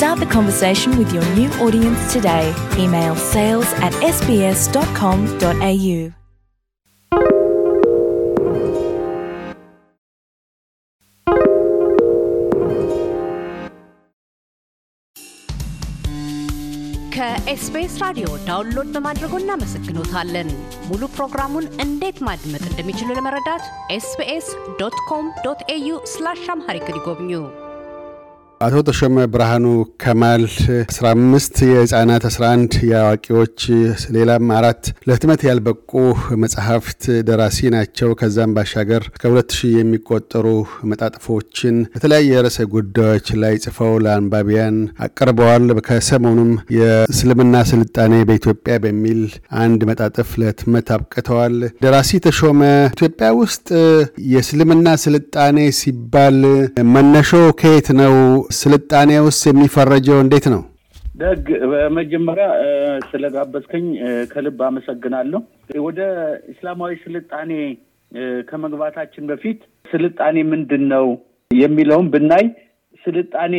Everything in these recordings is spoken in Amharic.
Start the conversation with your new audience today. Email sales at sbs.com.au. ከኤስቢኤስ ራዲዮ ዳውንሎድ በማድረጎ እናመሰግኖታለን። ሙሉ ፕሮግራሙን እንዴት ማድመጥ እንደሚችሉ ለመረዳት ኤስቢኤስ ዶት ኮም ዶት ኤዩ ስላሽ አምሃሪክ ይጎብኙ። አቶ ተሾመ ብርሃኑ ከማል 15 የህፃናት 11 የአዋቂዎች ሌላም አራት ለህትመት ያልበቁ መጽሐፍት ደራሲ ናቸው። ከዛም ባሻገር ከሁለት ሺህ የሚቆጠሩ መጣጥፎችን በተለያየ ርዕሰ ጉዳዮች ላይ ጽፈው ለአንባቢያን አቅርበዋል። ከሰሞኑም የእስልምና ስልጣኔ በኢትዮጵያ በሚል አንድ መጣጥፍ ለህትመት አብቅተዋል። ደራሲ ተሾመ ኢትዮጵያ ውስጥ የእስልምና ስልጣኔ ሲባል መነሾ ከየት ነው? ስልጣኔ ውስጥ የሚፈረጀው እንዴት ነው? ደግ በመጀመሪያ ስለጋበዝከኝ ከልብ አመሰግናለሁ። ወደ እስላማዊ ስልጣኔ ከመግባታችን በፊት ስልጣኔ ምንድን ነው የሚለውን ብናይ ስልጣኔ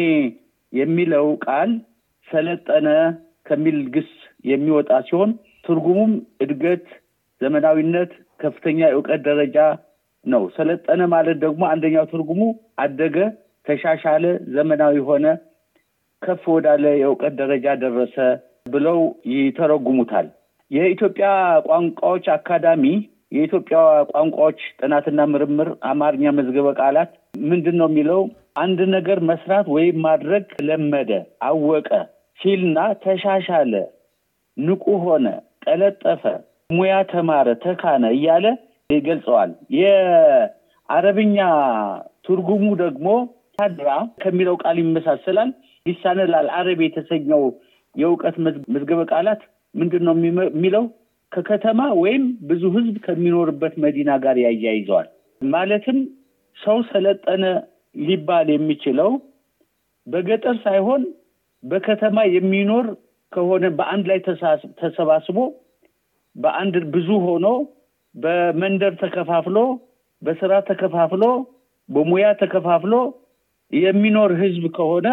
የሚለው ቃል ሰለጠነ ከሚል ግስ የሚወጣ ሲሆን ትርጉሙም እድገት፣ ዘመናዊነት፣ ከፍተኛ የእውቀት ደረጃ ነው። ሰለጠነ ማለት ደግሞ አንደኛው ትርጉሙ አደገ፣ ተሻሻለ፣ ዘመናዊ ሆነ፣ ከፍ ወዳለ የእውቀት ደረጃ ደረሰ ብለው ይተረጉሙታል። የኢትዮጵያ ቋንቋዎች አካዳሚ የኢትዮጵያ ቋንቋዎች ጥናትና ምርምር አማርኛ መዝገበ ቃላት ምንድን ነው የሚለው አንድ ነገር መስራት ወይም ማድረግ ለመደ፣ አወቀ ሲልና ተሻሻለ፣ ንቁ ሆነ፣ ጠለጠፈ፣ ሙያ ተማረ፣ ተካነ እያለ ይገልጸዋል። የአረብኛ ትርጉሙ ደግሞ ሳድራ ከሚለው ቃል ይመሳሰላል። ሊሳነ ላልአረብ የተሰኘው የእውቀት መዝገበ ቃላት ምንድን ነው የሚለው? ከከተማ ወይም ብዙ ህዝብ ከሚኖርበት መዲና ጋር ያያይዘዋል። ማለትም ሰው ሰለጠነ ሊባል የሚችለው በገጠር ሳይሆን በከተማ የሚኖር ከሆነ በአንድ ላይ ተሰባስቦ በአንድ ብዙ ሆኖ በመንደር ተከፋፍሎ በስራ ተከፋፍሎ በሙያ ተከፋፍሎ የሚኖር ህዝብ ከሆነ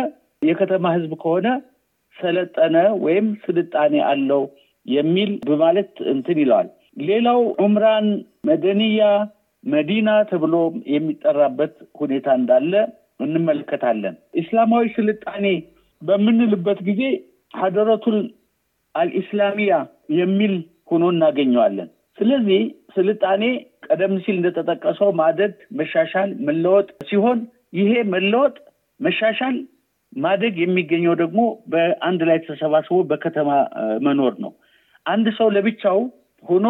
የከተማ ህዝብ ከሆነ ሰለጠነ ወይም ስልጣኔ አለው የሚል በማለት እንትን ይለዋል። ሌላው ዑምራን መደንያ መዲና ተብሎ የሚጠራበት ሁኔታ እንዳለ እንመለከታለን። እስላማዊ ስልጣኔ በምንልበት ጊዜ ሀደረቱል አልኢስላሚያ የሚል ሆኖ እናገኘዋለን። ስለዚህ ስልጣኔ ቀደም ሲል እንደተጠቀሰው ማደግ፣ መሻሻል፣ መለወጥ ሲሆን ይሄ መለወጥ መሻሻል ማደግ የሚገኘው ደግሞ በአንድ ላይ ተሰባስቦ በከተማ መኖር ነው። አንድ ሰው ለብቻው ሆኖ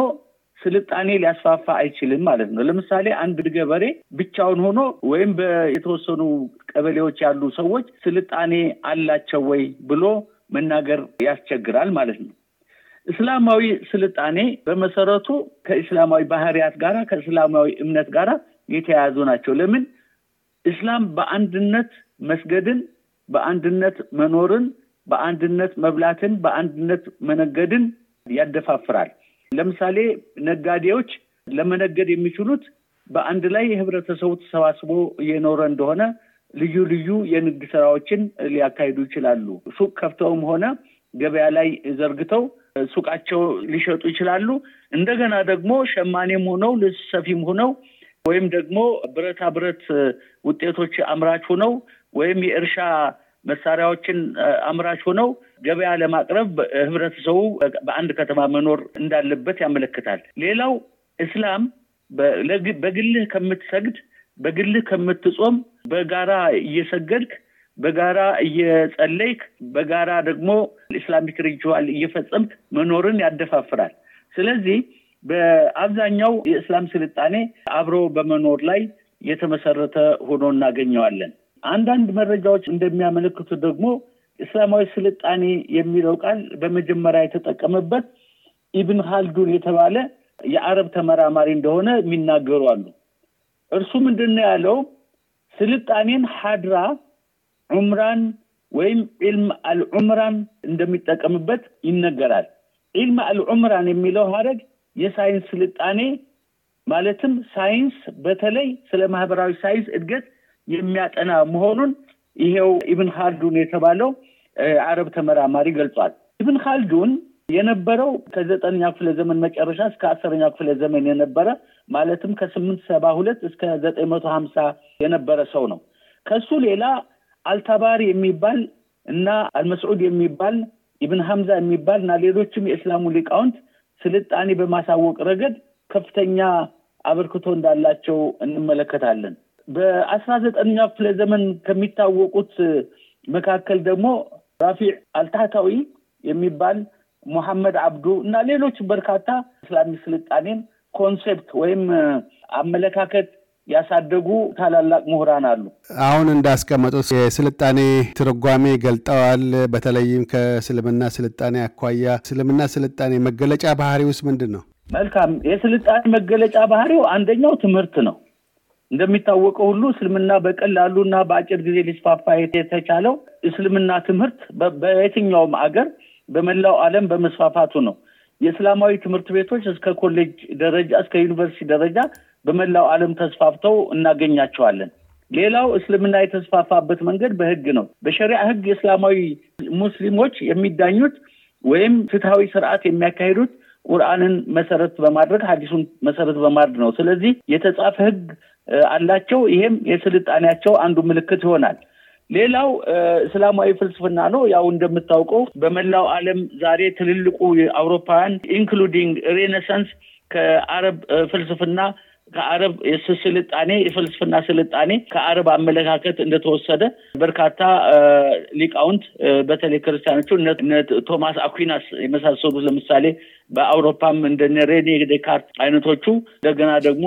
ስልጣኔ ሊያስፋፋ አይችልም ማለት ነው። ለምሳሌ አንድ ገበሬ ብቻውን ሆኖ ወይም የተወሰኑ ቀበሌዎች ያሉ ሰዎች ስልጣኔ አላቸው ወይ ብሎ መናገር ያስቸግራል ማለት ነው። እስላማዊ ስልጣኔ በመሰረቱ ከእስላማዊ ባህሪያት ጋራ ከእስላማዊ እምነት ጋራ የተያያዙ ናቸው። ለምን እስላም በአንድነት መስገድን፣ በአንድነት መኖርን፣ በአንድነት መብላትን፣ በአንድነት መነገድን ያደፋፍራል። ለምሳሌ ነጋዴዎች ለመነገድ የሚችሉት በአንድ ላይ የህብረተሰቡ ተሰባስቦ እየኖረ እንደሆነ ልዩ ልዩ የንግድ ስራዎችን ሊያካሂዱ ይችላሉ። ሱቅ ከፍተውም ሆነ ገበያ ላይ ዘርግተው ሱቃቸው ሊሸጡ ይችላሉ። እንደገና ደግሞ ሸማኔም ሆነው ልብስ ሰፊም ሆነው ወይም ደግሞ ብረታ ብረት ውጤቶች አምራች ሆነው ወይም የእርሻ መሳሪያዎችን አምራች ሆነው ገበያ ለማቅረብ ህብረተሰቡ በአንድ ከተማ መኖር እንዳለበት ያመለክታል። ሌላው እስላም በግልህ ከምትሰግድ፣ በግልህ ከምትጾም፣ በጋራ እየሰገድክ፣ በጋራ እየጸለይክ፣ በጋራ ደግሞ ኢስላሚክ ሪችዋል እየፈጸምክ መኖርን ያደፋፍራል። ስለዚህ በአብዛኛው የእስላም ስልጣኔ አብሮ በመኖር ላይ የተመሰረተ ሆኖ እናገኘዋለን። አንዳንድ መረጃዎች እንደሚያመለክቱ ደግሞ እስላማዊ ስልጣኔ የሚለው ቃል በመጀመሪያ የተጠቀመበት ኢብን ሀልዱን የተባለ የአረብ ተመራማሪ እንደሆነ የሚናገሩ አሉ። እርሱ ምንድን ነው ያለው? ስልጣኔን ሀድራ ዑምራን ወይም ዒልም አልዑምራን እንደሚጠቀምበት ይነገራል። ዒልም አልዑምራን የሚለው ሀረግ የሳይንስ ስልጣኔ ማለትም ሳይንስ በተለይ ስለ ማህበራዊ ሳይንስ እድገት የሚያጠና መሆኑን ይሄው ኢብን ካልዱን የተባለው አረብ ተመራማሪ ገልጿል። ኢብን ካልዱን የነበረው ከዘጠነኛ ክፍለ ዘመን መጨረሻ እስከ አስረኛ ክፍለ ዘመን የነበረ ማለትም ከስምንት ሰባ ሁለት እስከ ዘጠኝ መቶ ሀምሳ የነበረ ሰው ነው። ከሱ ሌላ አልታባሪ የሚባል እና አልመስዑድ የሚባል ኢብን ሐምዛ የሚባል እና ሌሎችም የእስላሙ ሊቃውንት ስልጣኔ በማሳወቅ ረገድ ከፍተኛ አበርክቶ እንዳላቸው እንመለከታለን። በአስራ ዘጠነኛው ክፍለ ዘመን ከሚታወቁት መካከል ደግሞ ራፊዕ አልታታዊ የሚባል ሙሐመድ አብዱ እና ሌሎች በርካታ እስላሚ ስልጣኔን ኮንሴፕት ወይም አመለካከት ያሳደጉ ታላላቅ ምሁራን አሉ። አሁን እንዳስቀመጡት የስልጣኔ ትርጓሜ ገልጠዋል። በተለይም ከእስልምና ስልጣኔ አኳያ እስልምና ስልጣኔ መገለጫ ባህሪ ውስጥ ምንድን ነው? መልካም የስልጣኔ መገለጫ ባህሪው አንደኛው ትምህርት ነው እንደሚታወቀው ሁሉ እስልምና በቀላሉና በአጭር ጊዜ ሊስፋፋ የተቻለው እስልምና ትምህርት በየትኛውም አገር በመላው አለም በመስፋፋቱ ነው። የእስላማዊ ትምህርት ቤቶች እስከ ኮሌጅ ደረጃ እስከ ዩኒቨርሲቲ ደረጃ በመላው አለም ተስፋፍተው እናገኛቸዋለን። ሌላው እስልምና የተስፋፋበት መንገድ በህግ ነው። በሸሪያ ህግ የእስላማዊ ሙስሊሞች የሚዳኙት ወይም ፍትሐዊ ስርዓት የሚያካሂዱት ቁርአንን መሰረት በማድረግ ሀዲሱን መሰረት በማድረግ ነው። ስለዚህ የተጻፈ ህግ አላቸው። ይሄም የስልጣኔያቸው አንዱ ምልክት ይሆናል። ሌላው እስላማዊ ፍልስፍና ነው። ያው እንደምታውቀው በመላው ዓለም ዛሬ ትልልቁ አውሮፓውያን ኢንክሉዲንግ ሬኔሳንስ ከአረብ ፍልስፍና ከአረብ ስልጣኔ የፍልስፍና ስልጣኔ ከአረብ አመለካከት እንደተወሰደ በርካታ ሊቃውንት በተለይ ክርስቲያኖቹ ቶማስ አኩናስ የመሳሰሉት ለምሳሌ በአውሮፓም እንደ ሬኔ ዴካርት አይነቶቹ እንደገና ደግሞ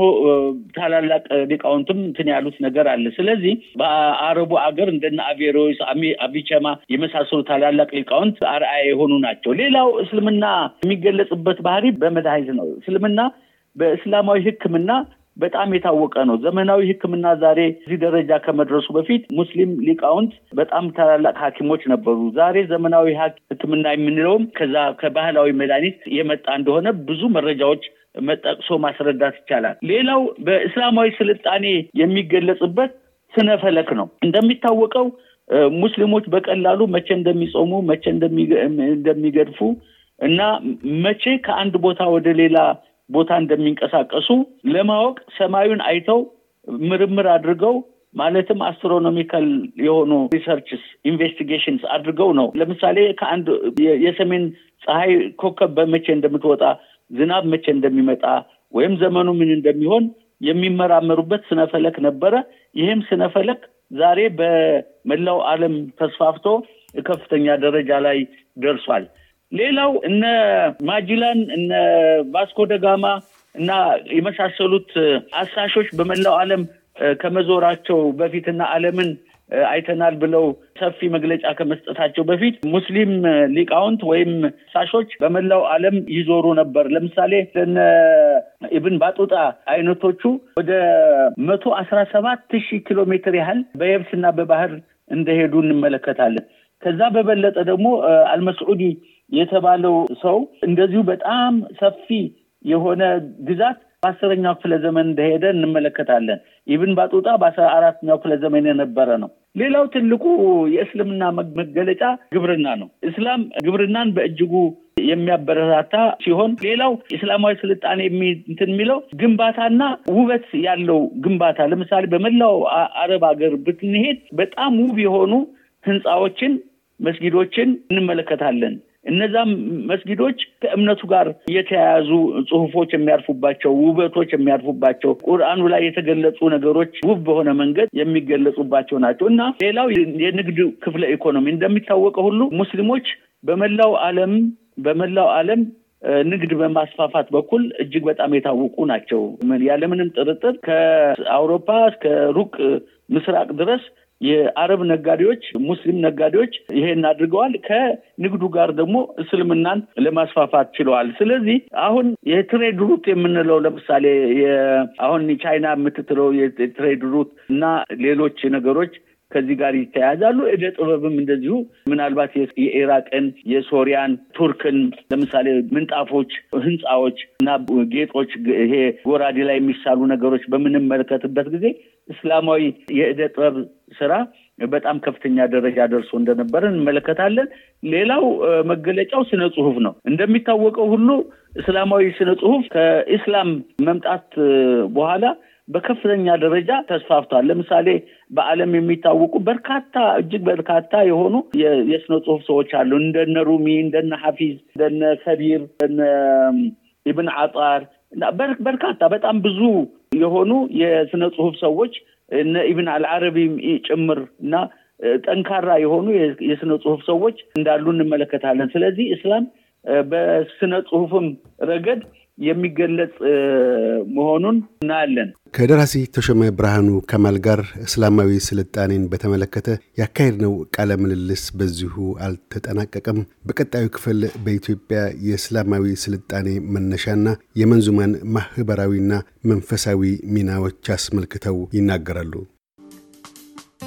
ታላላቅ ሊቃውንትም እንትን ያሉት ነገር አለ። ስለዚህ በአረቡ አገር እንደነ አቬሮስ፣ አቢቸማ የመሳሰሉ ታላላቅ ሊቃውንት አርአያ የሆኑ ናቸው። ሌላው እስልምና የሚገለጽበት ባህሪ በመድኃኒት ነው። እስልምና በእስላማዊ ህክምና በጣም የታወቀ ነው። ዘመናዊ ህክምና ዛሬ እዚህ ደረጃ ከመድረሱ በፊት ሙስሊም ሊቃውንት በጣም ታላላቅ ሐኪሞች ነበሩ። ዛሬ ዘመናዊ ህክምና የምንለውም ከዛ ከባህላዊ መድኃኒት የመጣ እንደሆነ ብዙ መረጃዎች መጠቅሶ ማስረዳት ይቻላል። ሌላው በእስላማዊ ስልጣኔ የሚገለጽበት ስነ ፈለክ ነው። እንደሚታወቀው ሙስሊሞች በቀላሉ መቼ እንደሚጾሙ፣ መቼ እንደሚገድፉ እና መቼ ከአንድ ቦታ ወደ ሌላ ቦታ እንደሚንቀሳቀሱ ለማወቅ ሰማዩን አይተው ምርምር አድርገው ማለትም አስትሮኖሚካል የሆኑ ሪሰርችስ ኢንቨስቲጌሽንስ አድርገው ነው። ለምሳሌ ከአንድ የሰሜን ፀሐይ ኮከብ በመቼ እንደምትወጣ፣ ዝናብ መቼ እንደሚመጣ ወይም ዘመኑ ምን እንደሚሆን የሚመራመሩበት ስነፈለክ ነበረ። ይህም ስነፈለክ ዛሬ በመላው አለም ተስፋፍቶ ከፍተኛ ደረጃ ላይ ደርሷል። ሌላው እነ ማጅላን እነ ቫስኮ ደጋማ እና የመሳሰሉት አሳሾች በመላው ዓለም ከመዞራቸው በፊትና ዓለምን አይተናል ብለው ሰፊ መግለጫ ከመስጠታቸው በፊት ሙስሊም ሊቃውንት ወይም ሳሾች በመላው ዓለም ይዞሩ ነበር። ለምሳሌ እነ ኢብን ባጡጣ አይነቶቹ ወደ መቶ አስራ ሰባት ሺህ ኪሎ ሜትር ያህል በየብስና በባህር እንደሄዱ እንመለከታለን። ከዛ በበለጠ ደግሞ አልመስዑዲ የተባለው ሰው እንደዚሁ በጣም ሰፊ የሆነ ግዛት በአስረኛው ክፍለ ዘመን እንደሄደ እንመለከታለን። ኢብን ባጡጣ በአስራ አራተኛው ክፍለ ዘመን የነበረ ነው። ሌላው ትልቁ የእስልምና መገለጫ ግብርና ነው። እስላም ግብርናን በእጅጉ የሚያበረታታ ሲሆን ሌላው እስላማዊ ስልጣኔ እንትን የሚለው ግንባታና ውበት ያለው ግንባታ ለምሳሌ በመላው አረብ ሀገር ብትንሄድ በጣም ውብ የሆኑ ህንፃዎችን፣ መስጊዶችን እንመለከታለን። እነዛም መስጊዶች ከእምነቱ ጋር የተያያዙ ጽሁፎች የሚያርፉባቸው፣ ውበቶች የሚያርፉባቸው፣ ቁርአኑ ላይ የተገለጹ ነገሮች ውብ በሆነ መንገድ የሚገለጹባቸው ናቸው እና ሌላው የንግድ ክፍለ ኢኮኖሚ እንደሚታወቀው ሁሉ ሙስሊሞች በመላው ዓለም በመላው ዓለም ንግድ በማስፋፋት በኩል እጅግ በጣም የታወቁ ናቸው። ያለምንም ጥርጥር ከአውሮፓ እስከ ሩቅ ምስራቅ ድረስ የአረብ ነጋዴዎች፣ ሙስሊም ነጋዴዎች ይሄን አድርገዋል። ከንግዱ ጋር ደግሞ እስልምናን ለማስፋፋት ችለዋል። ስለዚህ አሁን የትሬድ ሩት የምንለው ለምሳሌ አሁን ቻይና የምትትለው የትሬድ ሩት እና ሌሎች ነገሮች ከዚህ ጋር ይተያያዛሉ። እደ ጥበብም እንደዚሁ ምናልባት የኢራቅን፣ የሶሪያን፣ ቱርክን ለምሳሌ ምንጣፎች፣ ህንፃዎች እና ጌጦች ይሄ ጎራዴ ላይ የሚሳሉ ነገሮች በምንመለከትበት ጊዜ እስላማዊ የእደ ጥበብ ስራ በጣም ከፍተኛ ደረጃ ደርሶ እንደነበረ እንመለከታለን። ሌላው መገለጫው ስነ ጽሁፍ ነው። እንደሚታወቀው ሁሉ እስላማዊ ስነ ጽሁፍ ከኢስላም መምጣት በኋላ በከፍተኛ ደረጃ ተስፋፍቷል። ለምሳሌ በዓለም የሚታወቁ በርካታ እጅግ በርካታ የሆኑ የስነ ጽሁፍ ሰዎች አሉ። እንደነ ሩሚ፣ እንደነ ሐፊዝ፣ እንደነ ከቢር፣ እንደነ ኢብን አጣር በርካታ በጣም ብዙ የሆኑ የስነ ጽሁፍ ሰዎች እነ ኢብን አልአረቢም ጭምር እና ጠንካራ የሆኑ የስነ ጽሁፍ ሰዎች እንዳሉ እንመለከታለን። ስለዚህ እስላም በስነ ጽሁፍም ረገድ የሚገለጽ መሆኑን እናያለን። ከደራሲ ተሾመ ብርሃኑ ከማል ጋር እስላማዊ ስልጣኔን በተመለከተ ያካሄድነው ቃለ ምልልስ በዚሁ አልተጠናቀቀም። በቀጣዩ ክፍል በኢትዮጵያ የእስላማዊ ስልጣኔ መነሻና የመንዙማን ማህበራዊና መንፈሳዊ ሚናዎች አስመልክተው ይናገራሉ።